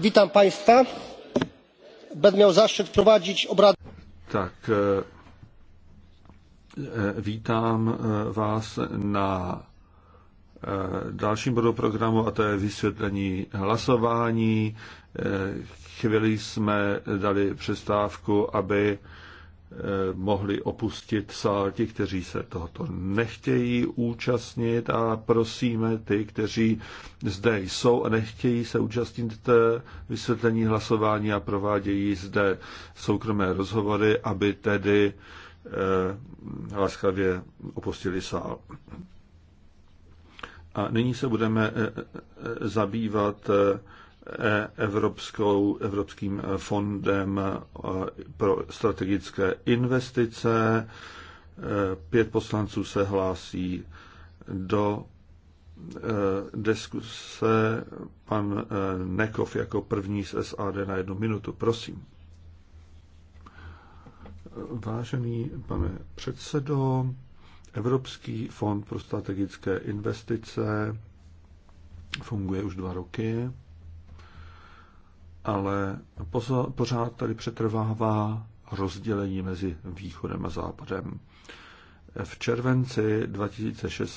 witam państwa będę miał zaszczyt prowadzić obrady tak vítám e, e, vás e, na dalším bodu programu a to je vysvětlení hlasování. Chvíli jsme dali přestávku, aby Eh, mohli opustit sál ti, kteří se tohoto nechtějí účastnit a prosíme ty, kteří zde jsou a nechtějí se účastnit té vysvětlení hlasování a provádějí zde soukromé rozhovory, aby tedy eh, laskavě opustili sál. A nyní se budeme eh, eh zabývat eh, Evropskou, Evropským fondem eh, pro strategické investice. Eh, pět poslanců se hlásí do eh, diskuse pan Nekov jako první z SAD na jednu minutu. Prosím. Vážený pane předsedo, Evropský fond pro strategické investice funguje už dva roky ale pořád tady přetrvává rozdělení mezi východem a západem. V červenci 2016